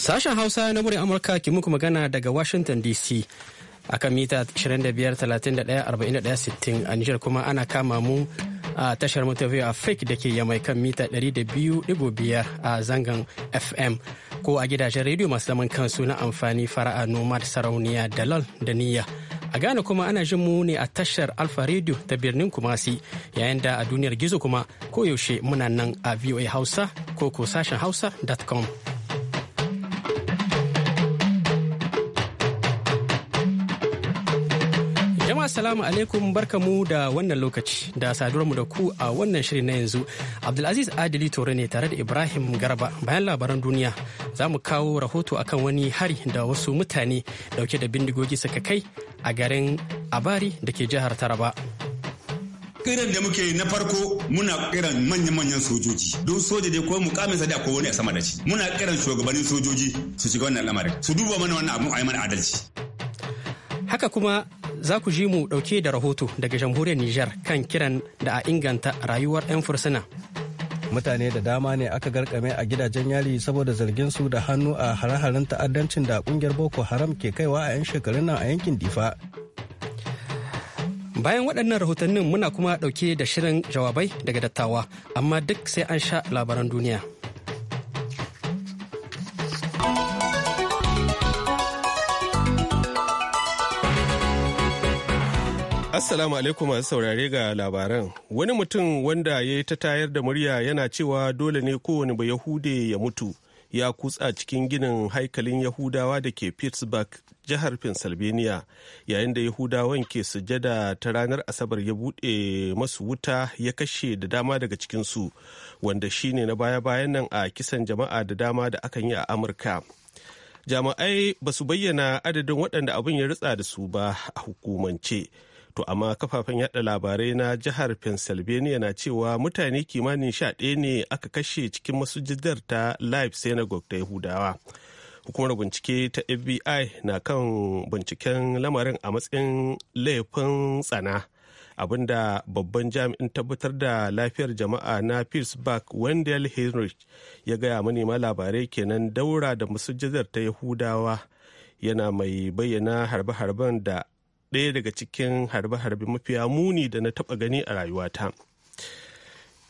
Sashen Hausa na murin Amurka ke muku magana daga Washington DC a kan mita 25-31-41-60 a Nijar kuma ana kama mu a tashar mutafiya a fake da ke yamai kan mita 200.5 a zangan FM ko a gidajen rediyo masu zaman kansu na amfani fara'a nomad sarauniya dalal da niyya. a Ghana kuma ana jin mu ne a tashar Alfa Radio ta birnin Kumasi yayin da a duniyar gizo kuma koyaushe muna nan a VOA Hausa ko ko sashen Hausa.com. assalamu alaikum barkamu da wannan lokaci da mu da ku a wannan shirin na yanzu. Abdulaziz Adili Tore ne tare da Ibrahim Garba bayan labaran duniya za mu kawo rahoto akan wani hari da wasu mutane dauke da bindigogi suka kai a garin Abari da ke jihar Taraba. kiran da muke na farko muna kiran manya-manyan sojoji don soja dai ko mukamin sa da ko wani a sama da shi muna kiran shugabannin sojoji su shiga wannan lamarin su duba mana wannan abu a yi mana adalci haka kuma za ku ji mu ɗauke da rahoto daga jamhuriyar Nijar kan kiran da a inganta rayuwar 'yan fursuna. Mutane da dama ne aka garkame a gidajen yari saboda zargin su da hannu a hare-haren ta'addancin da kungiyar Boko Haram ke kaiwa a 'yan shekarun nan a yankin Difa. Bayan waɗannan rahotannin muna kuma ɗauke da shirin jawabai daga dattawa, amma duk sai an sha labaran duniya. Assalamu alaikum masu saurare ga labaran. Wani mutum wanda ya yi ta tayar da murya yana cewa dole ne kowane ba Yahude ya mutu ya kutsa cikin ginin haikalin Yahudawa da ke Pittsburgh, jihar Pennsylvania, yayin da Yahudawan ke sujada ta ranar Asabar ya buɗe masu wuta ya kashe da dama daga cikinsu, wanda shine na baya-bayan nan a kisan jama'a da dama da akan yi a Amurka. Jami'ai ba su bayyana adadin waɗanda abin ya ritsa da su ba a hukumance. to amma kafafen yada labarai na jihar pennsylvania na cewa mutane kimanin sha ɗaya ne aka kashe cikin masujidar ta live synagogue ta yahudawa hukumar bincike ta fbi na kan binciken lamarin a matsayin laifin tsana abinda babban jami'in tabbatar da lafiyar jama'a na pittsburgh wendell henry ya gaya manema labarai kenan daura da masujadar ta yahudawa yana mai bayyana harbe-harben da ɗaya daga cikin harbe-harbe mafiya muni da na taɓa gani a rayuwata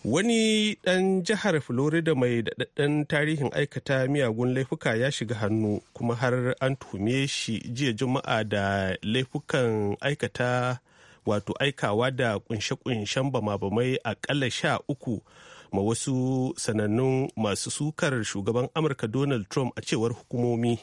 wani ɗan jihar florida mai daɗaɗɗen tarihin aikata miyagun laifuka ya shiga hannu kuma har an tuhume shi jiya juma'a da laifukan aikata wato aikawa da kunshe-kunshen bama-bamai akalla sha uku ma wasu sanannun masu sukar shugaban amurka donald trump a cewar hukumomi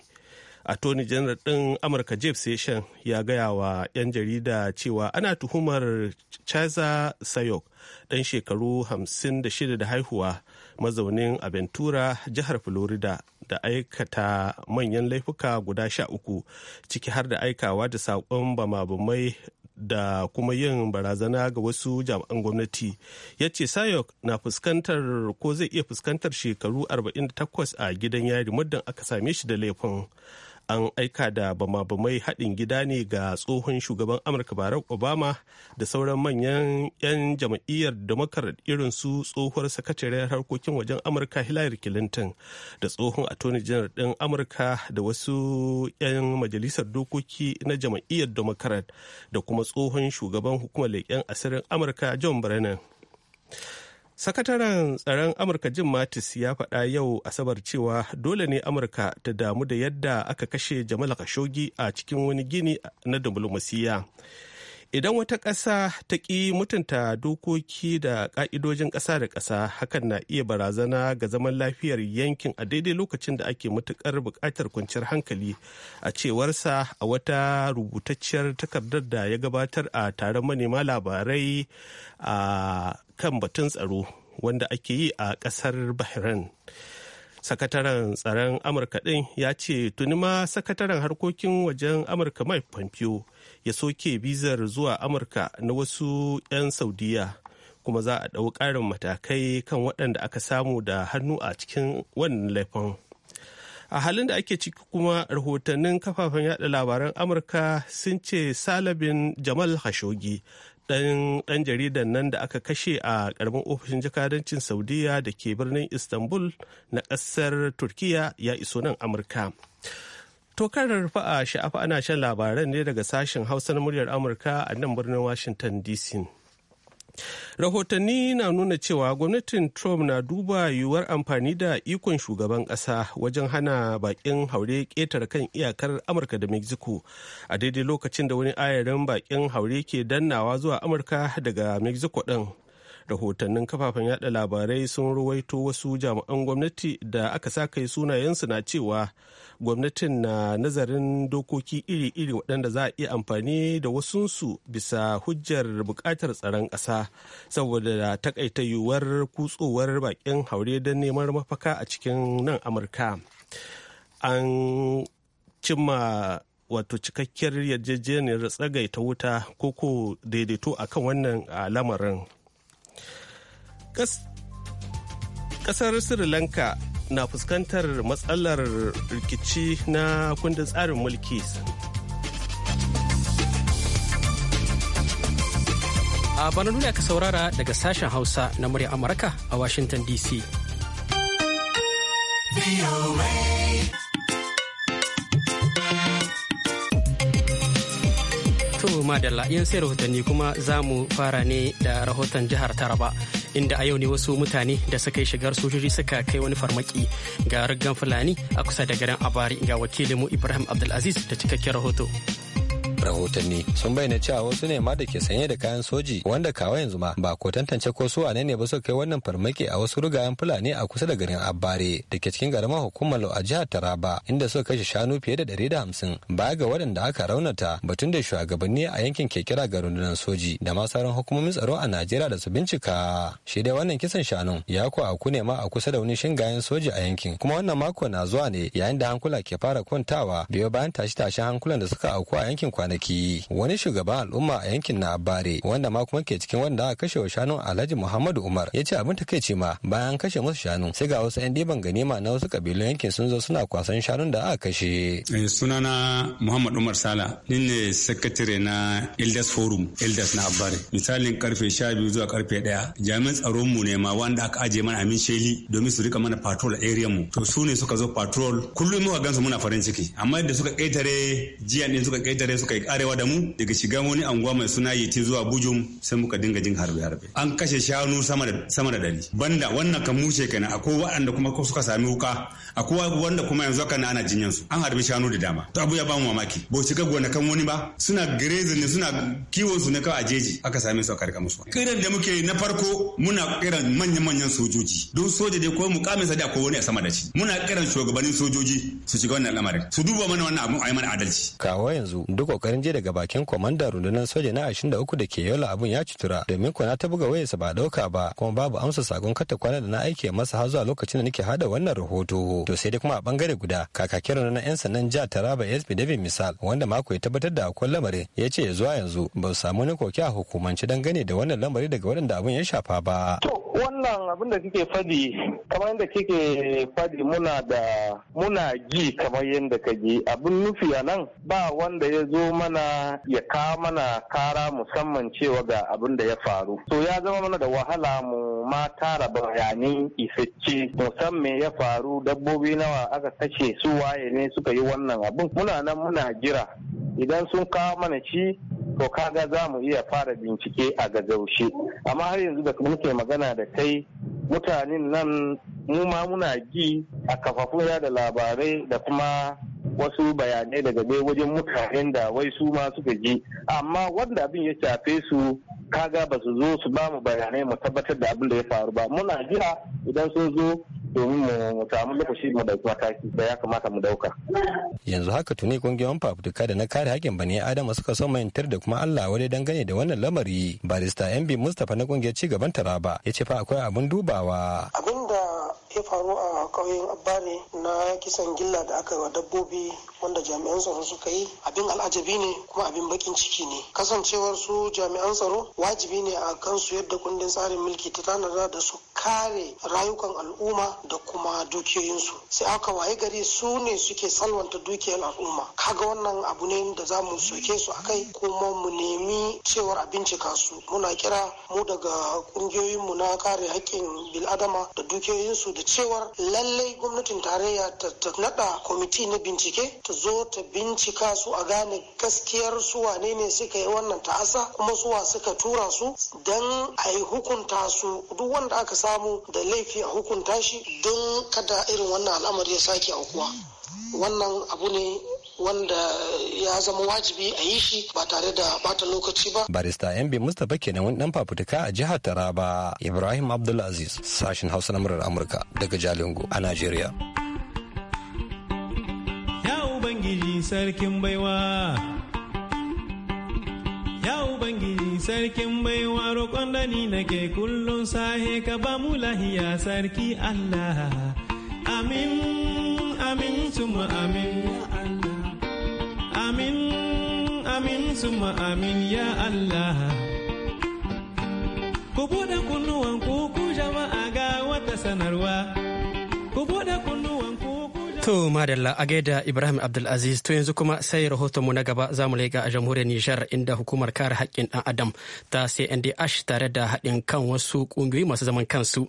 attorney general ɗin amurka jeff session ya gaya wa 'yan jarida cewa ana tuhumar chaza sayok ɗan shekaru 56 da haihuwa mazaunin aventura jihar florida da aikata manyan laifuka guda sha uku ciki har da aikawa da saƙon bama da kuma yin barazana ga wasu jami'an gwamnati ya ce sayok na fuskantar ko zai iya fuskantar shekaru 48 a gidan yari muddin aka same shi da laifin an aika da bama-bamai haɗin gida ne ga tsohon shugaban amurka barack obama da sauran manyan 'yan jam'iyyar democrat irin su tsohuwar sakataren harkokin wajen amurka hillary clinton da tsohon attorney general ɗin amurka da wasu 'yan majalisar dokoki na jam'iyyar democrat da kuma tsohon shugaban hukumar leƙen asirin amurka john brennan sakataren tsaron amurka jim mattis ya faɗa yau asabar cewa dole ne amurka ta damu da yadda aka kashe jamal khashoggi a cikin wani gini na diflomasiyya idan wata ƙasa ta ƙi mutunta dokoki da ƙa'idojin ƙasa da ƙasa hakan na iya barazana ga zaman lafiyar yankin a daidai lokacin da ake matuƙar buƙatar kwanciyar hankali a cewarsa a wata rubutacciyar takardar da ya gabatar a taron manema labarai a kan batun tsaro wanda ake yi a ƙasar bahrain sakataren tsaron amurka din ya ce tuni ma sakataren harkokin wajen amurka mike pompeo ya soke bizar zuwa amurka na wasu 'yan saudiya kuma za a ɗau ƙarin matakai kan waɗanda aka samu da hannu a cikin wannan laifin a halin da ake ciki kuma rahotannin kafafen yada labaran amurka sun ce salabin jamal khashoggi ɗan jaridan nan da aka kashe a ƙaramin ofishin jakadancin saudiya da ke birnin istanbul na ƙasar turkiya ya iso nan amurka tokarar fa'a sha'afa ana shan labaran ne daga sashen hausa na muryar amurka a nan birnin washington dc Rahotanni na nuna cewa gwamnatin Trump na duba yiwuwar amfani da ikon shugaban ƙasa wajen hana bakin haure ƙetare kan iyakar Amurka da Mexico a daidai lokacin da wani ayarin bakin haure ke dannawa zuwa Amurka daga Mexico ɗin rahotannin kafafen yada labarai sun ruwaito wasu jami'an gwamnati da aka sa kai sunayensu na cewa gwamnatin na nazarin dokoki iri-iri waɗanda za a iya amfani da wasunsu bisa hujjar buƙatar tsaron ƙasa saboda takaita yiwuwar kutsowar baƙin haure don neman mafaka a cikin nan amurka an cimma wato cikakkiyar yarjejeniyar tsagaita wuta koko daidaito kan wannan lamarin kasar sri lanka na fuskantar matsalar rikici na kundin tsarin mulki a bana nuna ka saurara daga sashen hausa na murya amurka a washington dc to madalla yan sai rahotanni kuma za mu fara ne da rahoton jihar taraba inda a yau ne wasu mutane da suka yi shigar sojoji suka kai wani farmaki ga ruggan fulani a kusa da garin abari ga wakilinmu ibrahim abdulaziz da cikakken rahoto. rahotanni sun bayyana cewa wasu ne ma da ke sanye da kayan soji wanda kawai yanzu ma ba ko tantance ko su ne ba su kai wannan farmaki a wasu rugayen fulani a kusa da garin abare da ke cikin garamar hukumar a jihar taraba inda suka kashe shanu fiye da ɗari da hamsin baya ga waɗanda aka raunata batun da shugabanni a yankin ke kira ga rundunar soji da ma sauran hukumomin tsaro a najeriya da su bincika shi dai wannan kisan shanun ya a ku ne ma a kusa da wani shingayen soji a yankin kuma wannan mako na zuwa ne yayin da hankula ke fara kwantawa biyo bayan tashi tashen hankulan da suka auku a yankin kwanaki kwanaki wani shugaban al'umma a yankin na bare wanda ma kuma ke cikin wanda aka kashe wa shanun alhaji muhammadu umar ya ce abin takaici ma bayan kashe musu shanu sai ga wasu 'yan ɗiban ganima na wasu kabilun yankin sun zo suna kwasan shanun da aka kashe. Eh, sunana muhammad umar sala ni ne sakatare na ildas forum ildas na abare misalin karfe sha biyu zuwa karfe daya jami'an tsaron mu ne ma wanda aka ajiye mana amin sheli domin su rika mana patrol a area mu to su ne suka zo patrol kullum muka gansu muna farin ciki amma yadda suka ƙetare jiya ne suka ƙetare suka kai arewa da mu daga shiga wani anguwa mai suna yiti zuwa bujum sai muka dinga jin harbe harbe an kashe shanu sama da sama dari banda wannan kamushe kana kenan akwai waɗanda kuma suka sami wuka akwai wanda kuma yanzu haka ana jinyan su an harbi shanu da dama to abu ya ba mamaki ba shiga gonakan wani ba suna grazing ne suna kiwon su ne kawai a jeji aka same su a karka musu kiran da muke na farko muna kiran manyan manyan sojoji don soja dai ko mukamin sa da ko wani a sama da shi muna kiran shugabannin sojoji su shiga wannan al'amarin su duba mana wannan abun a yi mana adalci kawo yanzu duk kokarin je daga bakin komanda rundunar soja na 23 da ke yola abun ya cutura domin kona ta buga wayarsa ba dauka ba kuma babu amsa sakon kata kwana da na aike masa har zuwa lokacin da nake hada wannan rahoto to sai dai kuma a bangare guda kakakin na 'yan sandan ja taraba sp david misal wanda mako ya tabbatar da akwai lamarin ya ce zuwa yanzu ba su samu ni koke a hukumance dangane da wannan lamari daga waɗanda abin ya shafa ba. to wannan abin da kike fadi kamar yadda kike fadi muna da muna ji kamar yadda ka ji abin nufi a nan ba wanda ya zo mana ya kawo mana kara musamman cewa ga abin da ya faru to ya zama mana da wahala mu ma tara bayanai isacce musamman ya faru dabbobi nawa aka kashe su waye ne suka yi wannan abin muna nan muna jira idan sun kawo mana ci to kaga za mu iya fara bincike a gazaushe amma har yanzu da muke magana da kai mutanen nan mu ma muna ji a kafafun da labarai da kuma wasu bayanai daga bai wajen mutanen da wai su ma suka ji amma wanda abin ya shafe su kaga ba su zo su ba mu bayanai mu tabbatar da abin da ya faru ba muna jira idan sun zo domin mu samu lokaci mu dauki mataki da ya kamata mu dauka. Yanzu haka tuni kungiyoyin fafutuka da na kare hakkin bani Adama suka so mayantar da kuma Allah wadai dangane da wannan lamari. Barista MB Mustapha na kungiyar ci gaban Taraba ya ce fa akwai abun dubawa. Abin ya faru a ƙauyen abbane na kisan gilla da aka yi wa dabbobi wanda jami'an tsaro suka yi abin al'ajabi ne kuma abin bakin ciki ne kasancewar su jami'an tsaro wajibi ne a kansu yadda kundin tsarin mulki ta tanada da su kare rayukan al'umma da kuma dukiyoyinsu sai aka waye gari su ne suke salwanta dukiyar al'umma kaga wannan abu ne da za mu soke su a kai kuma mu nemi cewar a cika su muna kira mu daga ƙungiyoyinmu na kare haƙƙin bil'adama da dukiyoyinsu da cewar lallai gwamnatin tarayya ta naɗa kwamiti na bincike ta zo ta bincika su a gane gaskiyar su wane ne suka yi wannan ta'asa kuma suwa suka tura su don a yi hukunta su duk wanda aka samu da laifi a hukunta shi don kada irin wannan al'amari ya sake aukuwa wannan abu ne wanda ya zama wajibi a yi shi ba tare da bata lokaci ba. Barista Yambe Mustapha kenan wani dan fafutuka a jihar Taraba Ibrahim Abdulaziz sashen Hausa na murar Amurka daga Jalingo a Najeriya. Ya Ubangiji sarkin baiwa Ya Ubangiji sarkin baiwa roƙon da ni nake kullum sahe ka ba mu lahiya sarki Allah. Amin, amin, tuma amin. amin amin suma amin ya Allah ku buɗe kunnuwan ku ku jama'a ga wata sanarwa ku buɗe kunnuwan ku To madalla a gaida Ibrahim Abdulaziz to yanzu kuma sai rahoton mu na gaba za mu leƙa a jamhuriyar Nijar inda hukumar kare haƙƙin ɗan Adam ta CNDH tare da haɗin kan wasu ƙungiyoyi masu zaman kansu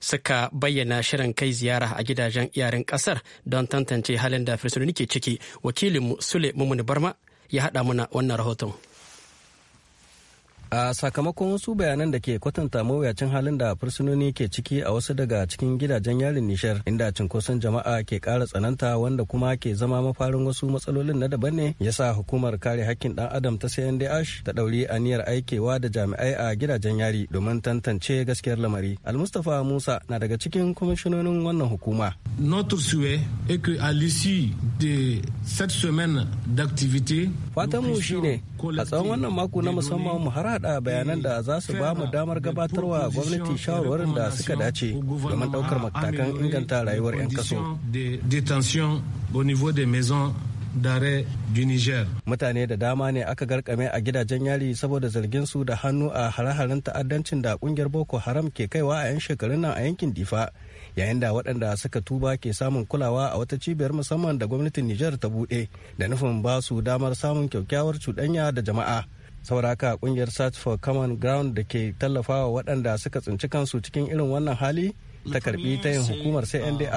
suka bayyana shirin kai ziyara a gidajen iyarin ƙasar don tantance halin da fursunoni ke ciki wakilinmu Sule Mumuni Barma ya haɗa mana wannan rahoton. a sakamakon wasu bayanan da ke kwatanta mawuyacin halin da fursunoni ke ciki a wasu daga cikin gidajen yarin nishar inda cinkoson jama'a ke kara tsananta wanda kuma ke zama mafarin wasu matsalolin na daban ne ya sa hukumar kare hakkin dan adam ta sayan ash ta ɗauri aniyar aikewa da jami'ai a gidajen yari domin tantance gaskiyar lamari almustafa musa na daga cikin kwamishinonin wannan hukuma Fatanmu shi ne a tsawon wannan mako na musamman mu har hada bayanan da za su ba mu damar gabatarwa gwamnati shawarwarin da suka dace domin daukar matakan inganta rayuwar 'yan kaso. Mutane da dama ne aka garkame a gidajen yari saboda zargin su da hannu a hare-haren ta'addancin da kungiyar Boko Haram ke kaiwa a 'yan shekarun nan a yankin Difa. Yayin da waɗanda suka tuba ke samun kulawa a wata cibiyar musamman da gwamnatin Nijar ta buɗe da nufin ba su damar samun kyakkyawar cuɗanya da jama'a. saboda haka kungiyar search for common ground da ke tallafawa waɗanda suka tsinci kansu cikin irin wannan hali ta karbi yin hukumar sai cndh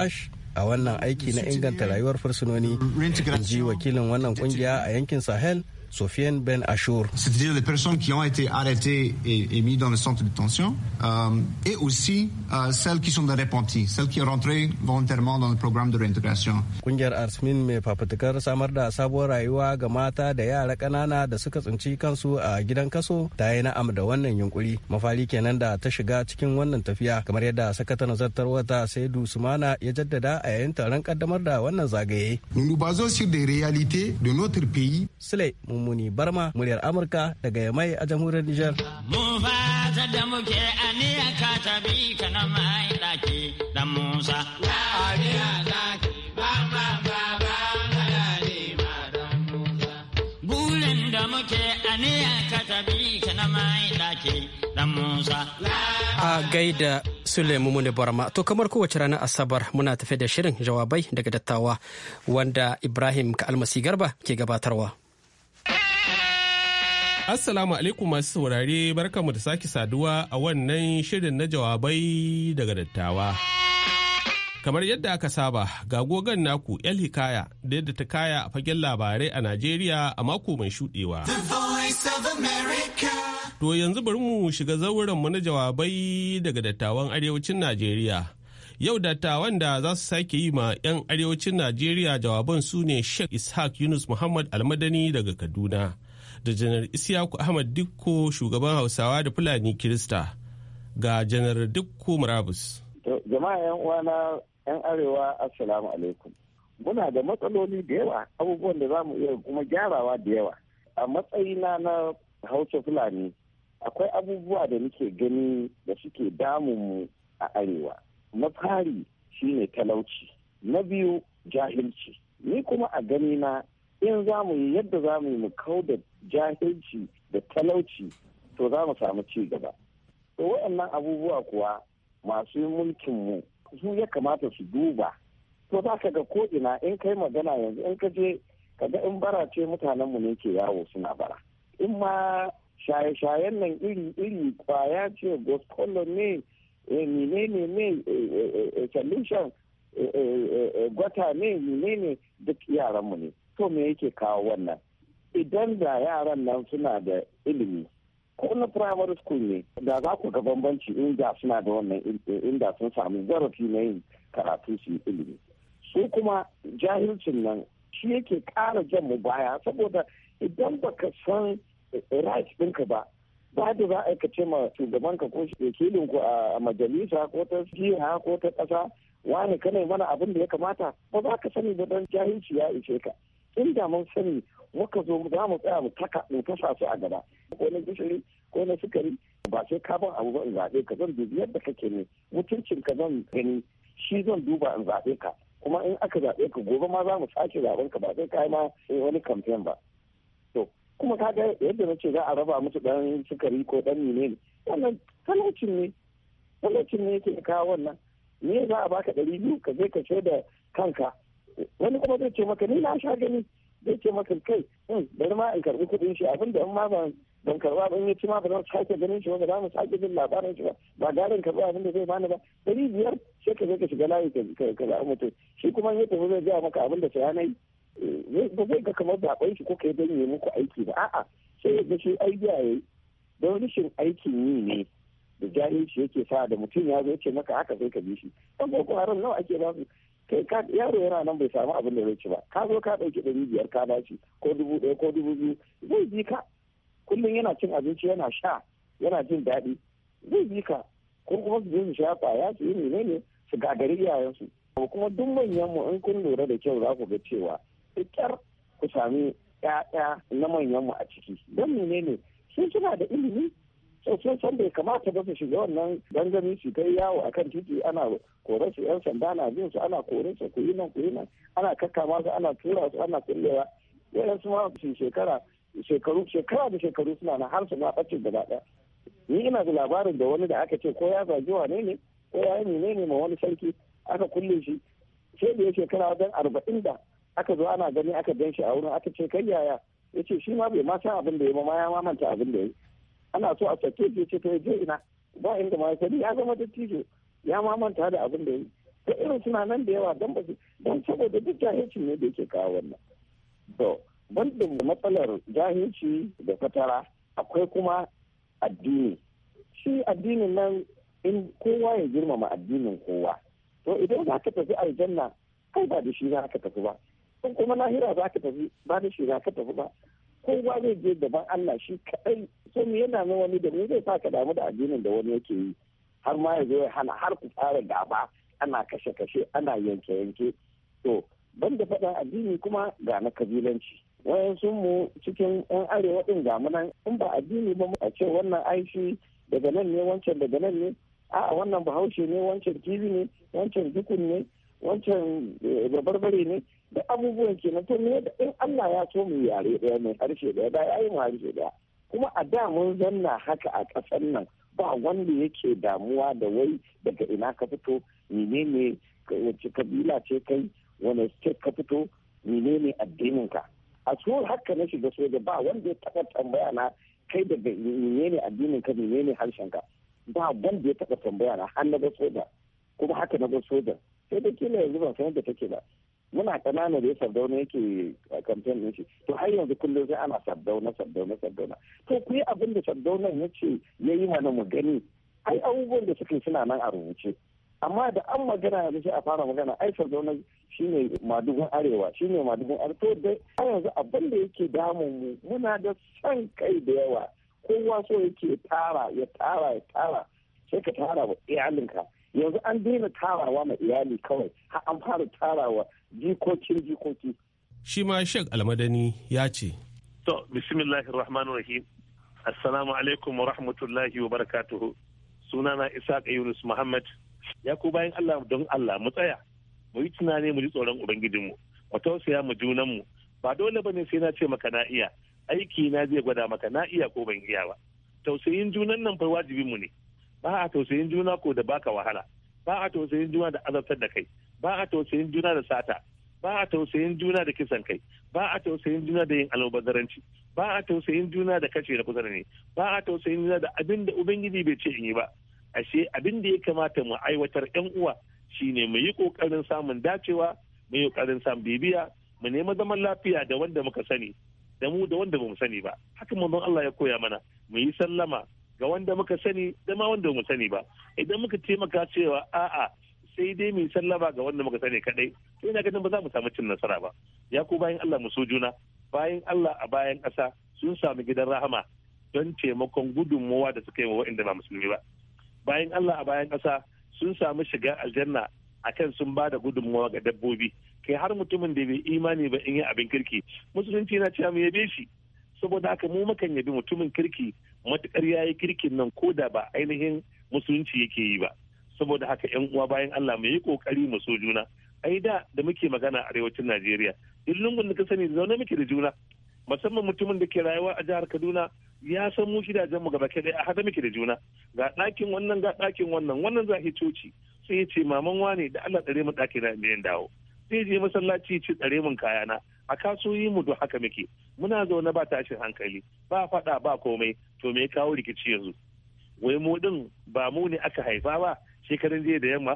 a wannan aiki na inganta rayuwar fursunoni in wakilin wannan kungiya a yankin sahel Sofiane Ben Achour. C'est-à-dire les personnes qui ont été arrêtées et, et mises dans le centre de détention, euh, et aussi euh, celles qui sont des repentis, celles qui sont rentrées volontairement dans le programme de réintégration. Kungiyar Arsmin mai fafutukar samar da sabuwar rayuwa ga mata da yara kanana da suka tsinci kansu a gidan kaso ta yi na'am da wannan yunkuri mafari kenan da ta shiga cikin wannan tafiya kamar yadda sakataren zartarwar ta Saidu Sumana ya jaddada a yayin taron kaddamar da wannan zagaye. Nous nous basons sur des réalités de notre pays. Sule Mummuni Barma muryar Amurka daga Yamai a jamhuriyar Nijar. Mu fata da muke aniya ka tabi mai daki dan Musa. Ariya zaki ba ba ba ba halali ma da muke aniya ka tabi mai daki dan Musa. A gaida Suleiman Mune Barma. To kamar kowace ranar Asabar muna tafe da shirin jawabai daga dattawa wanda Ibrahim Ka'almasi Garba ke gabatarwa. Assalamu alaikum masu saurare barkanmu da sake saduwa a wannan shirin na jawabai daga dattawa. Kamar yadda aka saba, ga gogon naku 'yan Hikaya da yadda ta kaya a fagen labarai a Najeriya a mako mai shudewa. To yanzu bari mu shiga mu na jawabai daga dattawan arewacin Najeriya. Yau dattawan da za su sake yi ma 'yan arewacin Najeriya jawaban su ne Sheikh Ishaq Yunus Muhammad Almadani daga Kaduna. da janar isiyaku ahmad dikko shugaban hausawa da fulani kirista ga janar dikko murabus jama'a yan uwana yan arewa assalamu alaikum muna da matsaloli da yawa abubuwan da za mu iya kuma gyarawa da yawa a matsayina na hausa fulani akwai abubuwa da muke gani da suke mu a arewa na fari shine talauci na biyu jahilci ni kuma a gani na in za mu yi yadda za mu yi mu kau da jahilci da talauci to za mu samu ci gaba to waɗannan abubuwa kuwa masu mulkinmu su ya kamata su duba to za ka ga ina in kai magana yanzu in ka je ka ga in bara ce mutanenmu ne ke yawo suna bara in ma shaye-shayen nan iri-iri kwaya ce gospolo eh, ne ne ne eh, ne eh, solution gwata ne ne ne duk yaranmu ne to me yake kawo wannan idan da yaran nan suna da ilimi ko na primary school ne da za ku ga bambanci inda suna da wannan inda sun samu zarafi na yin karatu su yi ilimi su kuma jahilcin nan shi yake kara jan mu baya saboda idan baka san right ɗinka ba ba da za a ce ma shugaban ka ko wakilin ku a majalisa ko ta jiha ko ta ƙasa wani kana mana abin da ya kamata ba za ka sani ba don jahilci ya ishe ka inda mun sani muka zo za mu tsaya mu taka mu tasa su a gaba ko na gishiri ko na sukari ba sai ka ban abu ba in zaɓe ka zan dubi yadda kake ne mutuncin ka zan gani shi zan duba in zaɓe ka kuma in aka zaɓe ka gobe ma zamu mu sake zaɓen ka ba sai kai ma wani kamfen ba to kuma ka ga yadda na za a raba musu ɗan sukari ko ɗan mine wannan talaucin ne talaucin ne yake kawo wannan me za a baka ɗari biyu ka je ka ce da kanka wani kuma zai ce maka ni na sha gani zai ce maka kai hmm, bari ma in karbi kuɗin shi abinda in ma ban ban karba ban yi ma ba zan sake ganin shi wanda za mu sake jin labarin shi ba ba garin abin da zai bani ba dari biyar sai ka je ka shiga layi ka za'a mutu shi kuma ya tafi zai gaya maka abinda sai yanayi eh, ba zai ga kamar zaɓen shi ko kai don yi muku aiki ba a'a sai ga shi aidiya ya yi don rashin aikin yi ne da jahilci yake sa da mutum ya zo ce maka haka sai ka bi shi Ɗan boko haram nawa ake ba su kai ka yaro yana nan bai samu abin da zai ci ba ka zo ka ɗauki ɗari biyar ka dace ko dubu ɗaya ko dubu biyu zai bi ka kullum yana cin abinci yana sha yana jin daɗi zai bi ka ko kuma su je su sha ƙwaya su yi menene su gagari iyayensu kuma duk manyan mu in kun lura da kyau za ku ga cewa ƙyar ku sami ƴaƴa na manyan mu a ciki don menene sun suna da ilimi sai sun san bai kamata ba su shiga wannan gangami su kai yawo a kan titi ana kore su yan sanda na bin su ana kore su ku yi nan ku yi nan ana kakkama su ana tura su ana kullewa yayin su ma su shekara shekaru shekara da shekaru suna na har su ma ɓace gaba ɗaya ni ina da labarin da wani da aka ce ko ya zagi wane ne ko ya yi ne ne ma wani sarki aka kulle shi sai da ya shekara wajen arba'in da aka zo ana gani aka gan shi a wurin aka ce kai yaya ya ce shi ma bai ma san abin da ya ma ya mamanta abin da ya yi ana so a sake shi ce ta yi je ina ba inda ma sani ya zama dattijo ya ma manta da abin da yi ta irin suna nan da yawa don ba su don saboda duk jahilci ne da yake kawo wannan to bandin matsalar jahilci da fatara akwai kuma addini shi addinin nan in kowa ya girmama addinin kowa to idan za ka tafi aljanna kai ba da shi za ka tafi ba kuma lahira za ka tafi ba da shi za ka tafi ba kowa zai je daban Allah shi kaɗai sun yana nan wani da zai sa ka damu da addinin da wani yake yi har ma ya zo ya hana har ku fara gaba ana kashe-kashe ana yanke-yanke to ban da faɗa addini kuma ga na kabilanci wayansu mu cikin yan arewa din ga nan in ba addini ba a ce wannan aishi daga nan ne wancan daga nan ne a wannan bahaushe ne wancan kibi ne wancan dukun ne wancan eh, babarbare ne da abubuwan kenan to me da in Allah ya so mu yare ɗaya mai harshe ɗaya da yayi mu harshe ɗaya kuma a da mun zanna haka a ƙasar nan ba wanda yake damuwa da wai daga ina ka fito menene wacce kabila ce kai wani ce ka fito menene addinin ka a so haka na shiga soja ba wanda ya taɓa tambaya na kai daga menene addinin ka menene harshen ka ba wanda ya taɓa tambaya na har na ga soja kuma haka na ga soja sai da kila yanzu ban san yadda take ba muna kanana da ya sardauna yake kamfen ne shi to har yanzu kullum sai ana sardauna sardauna sardauna to ku yi abin da sardauna ya ce ya yi mana mu gani ai abubuwan da suke suna nan a rubuce amma da an magana yanzu sai a fara magana ai sardauna ne madugun arewa shi ne madugun arewa to dai har yanzu abin da yake damun mu muna da san kai da yawa kowa so yake tara ya tara ya tara sai ka tara wa iyalinka yanzu an daina tarawa ma iyali kawai har an fara tarawa jikokin jikoki shi ma shek almadani ya ce to bismillahi rahman rahim assalamu alaikum wa rahmatullahi wa barakatuhu sunana isaac yunus muhammad ya ku bayan allah don allah mu tsaya mu yi tunani mu ji tsoron ubangijinmu mu tausaya mu junanmu ba dole bane sai na ce maka na iya aiki na zai gwada maka na iya ko ban iya ba tausayin junan nan fa mu ne ba a tausayin juna ko da baka wahala ba a tausayin juna da azabtar da kai ba a tausayin juna da sata ba a tausayin juna da kisan kai ba a tausayin juna da yin almubazzaranci ba a tausayin juna da kace da kusurani ba a tausayin juna da abin da ubangiji bai ce in yi ba ashe abin da ya kamata mu aiwatar yan uwa shine mu yi kokarin samun dacewa mu yi kokarin samun bibiya mu nema zaman lafiya da wanda muka sani da mu da wanda bamu sani ba haka don Allah ya koya mana mu yi sallama ga wanda muka sani da ma wanda mu sani ba idan muka taimaka cewa a'a sai dai mu sallaba ga wanda muka sani kadai to ina ganin ba za mu samu cin nasara ba ya ku bayan Allah mu so juna bayan Allah a bayan ƙasa sun samu gidan rahama don taimakon gudunmowa da suka yi wa waɗanda ba musulmi ba bayan Allah a bayan ƙasa sun samu shiga aljanna akan sun ba da gudummawa ga dabbobi kai har mutumin da bai imani ba in yi abin kirki musulunci na cewa mu yabe shi saboda haka mu mukan yabi mutumin kirki matukar ya yi kirkin nan ko da ba ainihin musulunci yake yi ba saboda haka yan uwa bayan Allah mu yi kokari mu so juna ai da da muke magana a arewacin Najeriya duk lungun ka sani zaune muke da juna musamman mutumin da ke rayuwa a jihar Kaduna ya san mu gidajen mu gaba dai a hada muke da juna ga ɗakin wannan ga ɗakin wannan wannan za coci sai ya ce maman wane da Allah ɗare mu ɗaki na dawo zai je masallaci ci tsare min kayana a kasuwoyi mu duk haka muke muna zaune ba tashin hankali ba faɗa ba komai to me kawo rikici yanzu wai mu din ba mu ne aka haifa ba shekaran jiya da yamma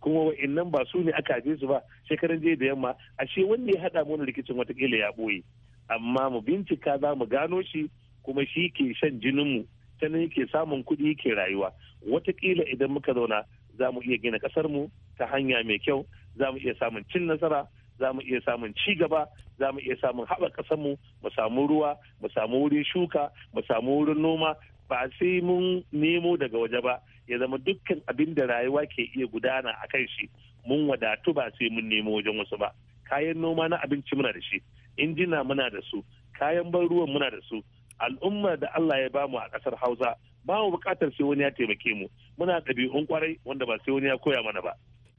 kuma wa innan ba su ne aka haife su ba shekaran jiya da yamma ashe wanda ya haɗa mu rikicin watakila ya boye amma mu bincika za mu gano shi kuma shi ke shan jininmu sannan yake samun kuɗi yake rayuwa watakila idan muka zauna za mu iya gina mu ta hanya mai kyau za mu iya samun cin nasara za mu iya samun ci gaba za mu iya samun haɓa ƙasarmu mu samu ruwa mu samu wurin shuka mu samu wurin noma ba sai mun nemo daga waje ba ya zama dukkan abin da rayuwa ke iya gudana a kan shi mun wadatu ba sai mun nemo wajen wasu ba kayan noma na abinci muna da shi injina muna da su kayan ban ruwan muna da su al'umma da Allah ya bamu a ƙasar Hausa ba mu buƙatar sai wani ya taimake mu muna ɗabi'un kwarai wanda ba sai wani ya koya mana ba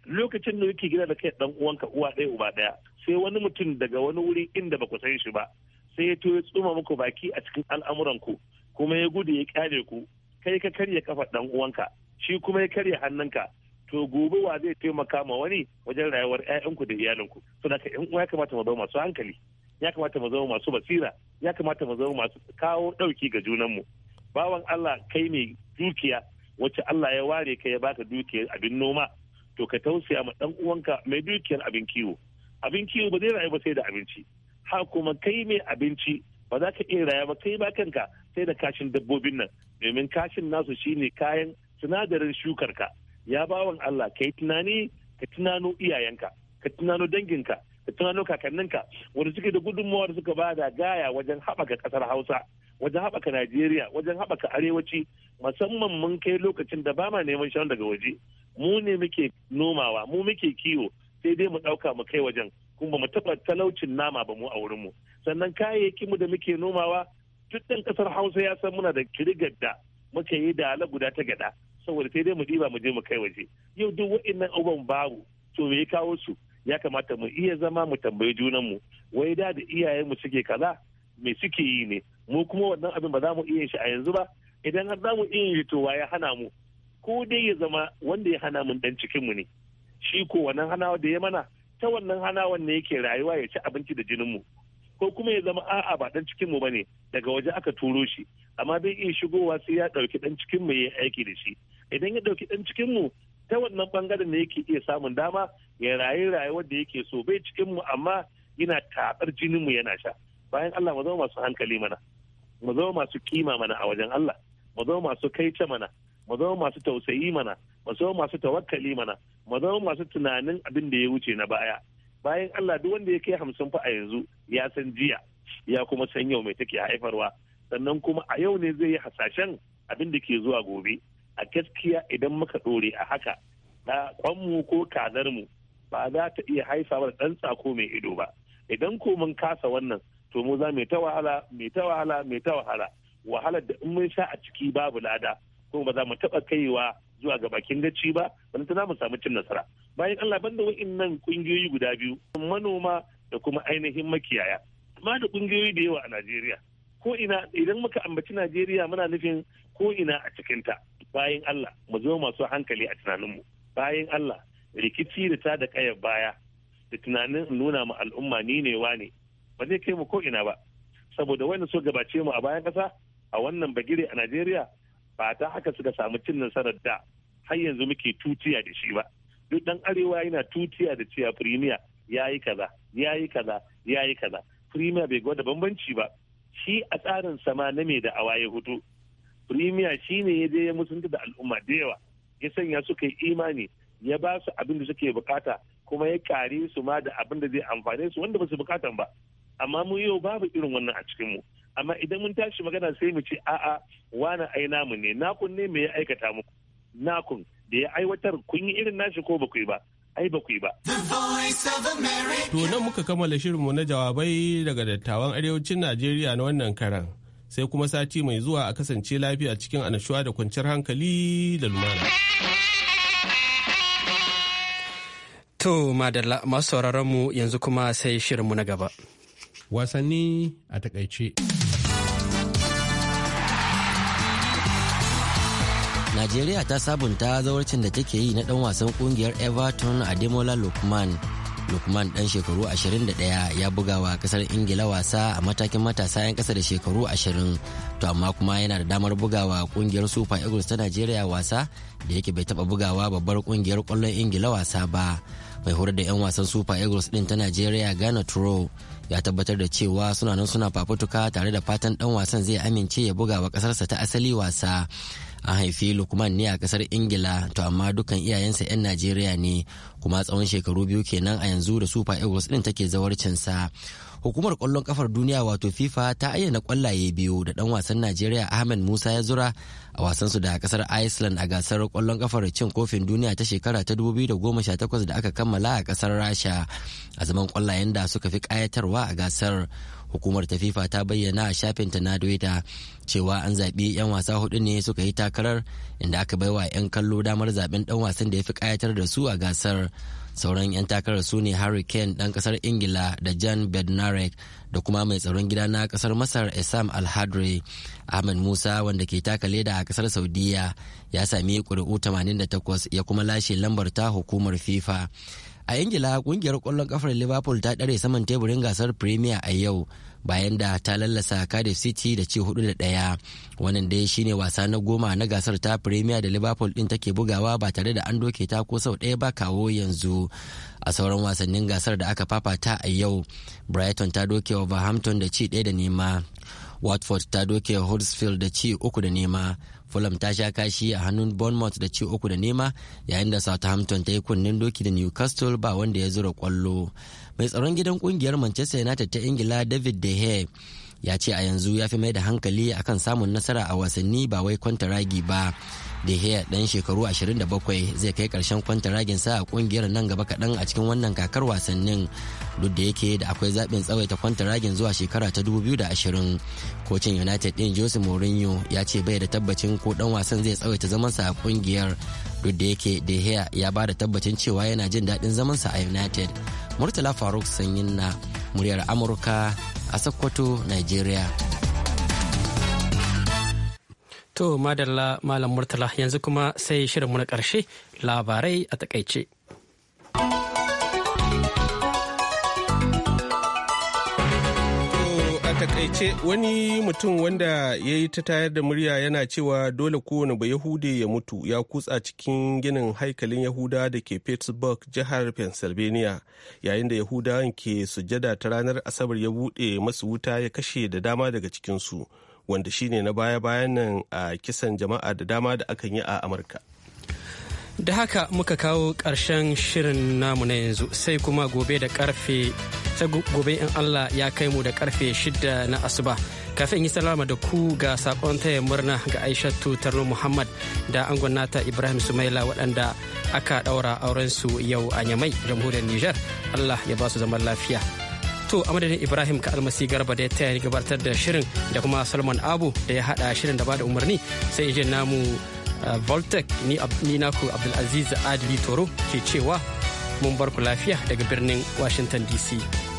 lokacin da yake gida da kai dan uwanka uwa ɗaya uba ɗaya sai wani mutum daga wani wuri inda baku ku san shi ba sai ya to ya tsuma muku baki a cikin al'amuran ku kuma ya gudu ya kyale ku kai ka karya kafa dan uwanka shi kuma ya karya hannunka to gobe wa zai taimaka ma wani wajen rayuwar 'ya'yanku da iyalinku to da yan uwa ya kamata mu zama masu hankali ya kamata mu zama masu basira ya kamata mu zama masu kawo ɗauki ga junanmu bawan Allah kai mai dukiya wacce Allah ya ware ka ya baka dukiyar abin noma to ka tausaya ma dan uwanka mai dukiyar abin kiwo abin kiwo ba zai rayu ba sai da abinci ha kuma kai mai abinci ba za ka iya raya ba kai ba kanka sai da kashin dabbobin nan domin kashin nasu shine kayan sinadarin shukar ka ya bawan Allah kai tunani ka tunano iyayenka ka tunano danginka ka tunano kakanninka wanda suke da gudunmawa da suka bada gaya wajen haɓaka ƙasar Hausa wajen haɓaka Najeriya wajen haɓaka arewaci musamman mun kai lokacin da ba ma neman shan daga waje mu ne muke nomawa mu muke kiwo sai dai mu ɗauka mu kai wajen kuma mu taɓa talaucin nama ba mu a wurin mu sannan kayayyakin mu da muke nomawa duk ɗan ƙasar hausa ya san muna da kirgar da muka yi da ala guda ta gada saboda sai dai mu diba mu je mu kai waje yau duk waɗannan abubuwan babu to me ya kawo su ya kamata mu iya zama mu tambayi junan mu wai da da iyayen mu suke kaza me suke yi ne mu kuma wannan abin ba za mu iya shi a yanzu ba idan har za mu iya yi to ya hana mu ko dai ya zama wanda ya hana mun dan cikinmu ne shi ko wannan hanawa da ya mana ta wannan hanawan ne yake rayuwa ya ci abinci da jinin mu ko kuma ya zama a'a ba dan cikin cikinmu bane daga waje aka turo shi amma bai iya shigowa sai ya dauki dan cikinmu ya aiki da shi idan ya dauki dan mu ta wannan bangaren ne yake iya samun dama ya rayu rayuwar da yake so bai cikin mu amma yana jinin mu yana sha bayan Allah mu zama masu hankali mana mu zama masu kima mana a wajen Allah mu zama masu kai ce mana mu zama masu tausayi mana mu zama masu tawakkali mana mu zama masu tunanin abin da ya wuce na baya bayan Allah duk wanda ya kai hamsin fa a yanzu ya san jiya ya kuma san yau mai take haifarwa sannan kuma a yau ne zai yi hasashen abin da ke zuwa gobe a gaskiya idan muka dore a haka da kwanmu ko mu ba za ta iya haifa da dan tsako mai ido ba idan ko mun kasa wannan to mu za mai ta wahala mai ta wahala mai ta wahala wahalar da in mun sha a ciki babu lada kuma ba za mu taɓa kaiwa zuwa ga bakin gaci ba wani ta mu samu cin nasara bayan Allah banda nan kungiyoyi guda biyu manoma da kuma ainihin makiyaya ma da kungiyoyi da yawa a Najeriya ko ina idan muka ambaci Najeriya muna nufin ko ina a ta bayan Allah mu zo masu hankali a tunaninmu bayan Allah rikici da ta da kaya baya da tunanin nuna ma al'umma ni ne wane ba zai kai mu ko ina ba saboda wani so gabace mu a bayan kasa a wannan bagire a Najeriya ba ta haka suka samu cin nasarar da har yanzu muke tutiya da shi ba duk dan arewa yana tutiya da cewa premier yayi kaza yayi kaza yayi kaza premier bai gwada bambanci ba shi a tsarin sama na mai da awaye hudu premier shine ya je ya musunta da al'umma da yawa ya sanya suka yi imani ya ba su abin da suke bukata kuma ya kare su ma da abin da zai amfane su wanda ba su bukatan ba amma mu yau babu irin wannan a cikin mu amma idan mun tashi magana sai mu ce a'a wani ai namu ne nakun ne me ya aikata muku nakun da ya aiwatar kun yi irin nashi ko ba yi ba ai ba yi ba. To nan muka kammala shirinmu na jawabai daga dattawan arewacin Najeriya na wannan karan. Sai kuma sati mai zuwa a kasance lafiya cikin anashuwa da kwanciyar hankali da lumana. To madalla masu sauraron yanzu kuma sai shirinmu na gaba. wasanni a takaice. Najeriya ta sabunta zawarcin da take yi na dan wasan kungiyar Everton Ademola Lukman. Lukman dan shekaru 21 ya buga wa kasar Ingila wasa a matakin matasa 'yan kasa da shekaru 20 to amma kuma yana da damar bugawa kungiyar Super Eagles ta Najeriya wasa da yake bai taba bugawa babbar kungiyar kwallon Ingila wasa ba. mai horar da 'yan wasan super eagles din ta nigeria ghana turo ya tabbatar da cewa suna nan suna fafutuka tare da fatan dan wasan zai amince ya buga wa kasarsa ta asali wasa an haifi lukman ne a kasar ingila to amma dukkan iyayensa 'yan nigeria ne kuma tsawon shekaru biyu kenan a yanzu da super eagles din take zawarcinsa hukumar kwallon kafar duniya wato fifa ta ayyana kwallaye biyu da dan wasan najeriya ahmed musa ya zura a wasansu da kasar iceland a gasar kwallon kafar cin kofin duniya ta shekara ta 2018 da aka kammala a kasar rasha a zaman kwallayen da suka fi kayatarwa a gasar hukumar ta fifa ta bayyana a shafin ta na twitter cewa an zaɓi 'yan wasa hudu ne suka yi takarar inda aka baiwa 'yan kallo damar zaɓen ɗan wasan da ya fi kayatar da su a gasar sauran 'yan takarar su ne harry kane ɗan ƙasar ingila da jan bednarek da kuma mai tsaron gida na ƙasar masar esam alhadri ahmed musa wanda ke taka leda a ƙasar saudiya ya sami ƙuri'u 88 ya kuma lashe lambar ta hukumar fifa a ingila ƙungiyar kwallon ƙafar liverpool ta ɗare saman teburin gasar premier a yau bayan da ta lallasa cardiff city da ci hudu da daya wannan dai shine wasa na goma na gasar ta premier da liverpool din take bugawa ba tare da an doke ta ko sau daya ba kawo yanzu a sauran wasannin gasar da aka fafata a yau brighton ta doke Wolverhampton da ci daya da nema watford ta doke huddersfield da ci uku da nema fulham ta sha kashi a hannun bournemouth da ci uku da nema yayin da southampton ta yi kunnen doki da newcastle ba wanda ya zura kwallo mai tsaron gidan kungiyar manchester united ta ingila david de gea ya ce a yanzu ya fi mai da hankali akan samun nasara a wasanni ba wai kwantaragi ba de hea dan shekaru 27 zai kai karshen kwanta ragin sa a kungiyar nan gaba kaɗan a cikin wannan kakar wasannin duk da yake da akwai zaɓin tsawaita kwantaragin zuwa shekara ta 2020 kocin united din jose mourinho ya ce bai da tabbacin ko dan wasan zai tsawaita zamansa a kungiyar duk da yake de Gea ya ba da tabbacin cewa yana jin daɗin zamansa a united Murtala Faruk Sanyin na muryar Amurka a Sokoto, Nigeria. To, madalla Malam Murtala yanzu kuma sai shirinmu na ƙarshe labarai a takaice. takaice wani mutum wanda ya yi ta tayar da murya yana cewa dole kowane ba yahude ya mutu ya kutsa cikin ginin haikalin yahuda da ke pittsburgh jihar pennsylvania yayin da yahudawan ke sujada ta ranar asabar ya buɗe masu wuta ya kashe da dama daga cikinsu wanda shine na baya-bayan nan a kisan jama'a da dama da akan yi a amurka da haka muka kawo karshen shirin namu na yanzu sai kuma gobe da karfe sai gobe in Allah ya kai mu da karfe shida na asuba kafin yi salama da ku ga sakon taya murna ga aishatu tarno muhammad da angon nata ibrahim sumaila waɗanda aka ɗaura aurensu yau a nyamai jamhuriyar nijar allah ya ba su zaman lafiya to a madadin ibrahim ka almasi garba da ya taya gabatar da shirin da kuma salman abu da ya haɗa shirin da ba da umarni sai ijin namu voltec euh, ni naku abdulaziz Adli toro ke cewa mun barku lafiya daga birnin washington dc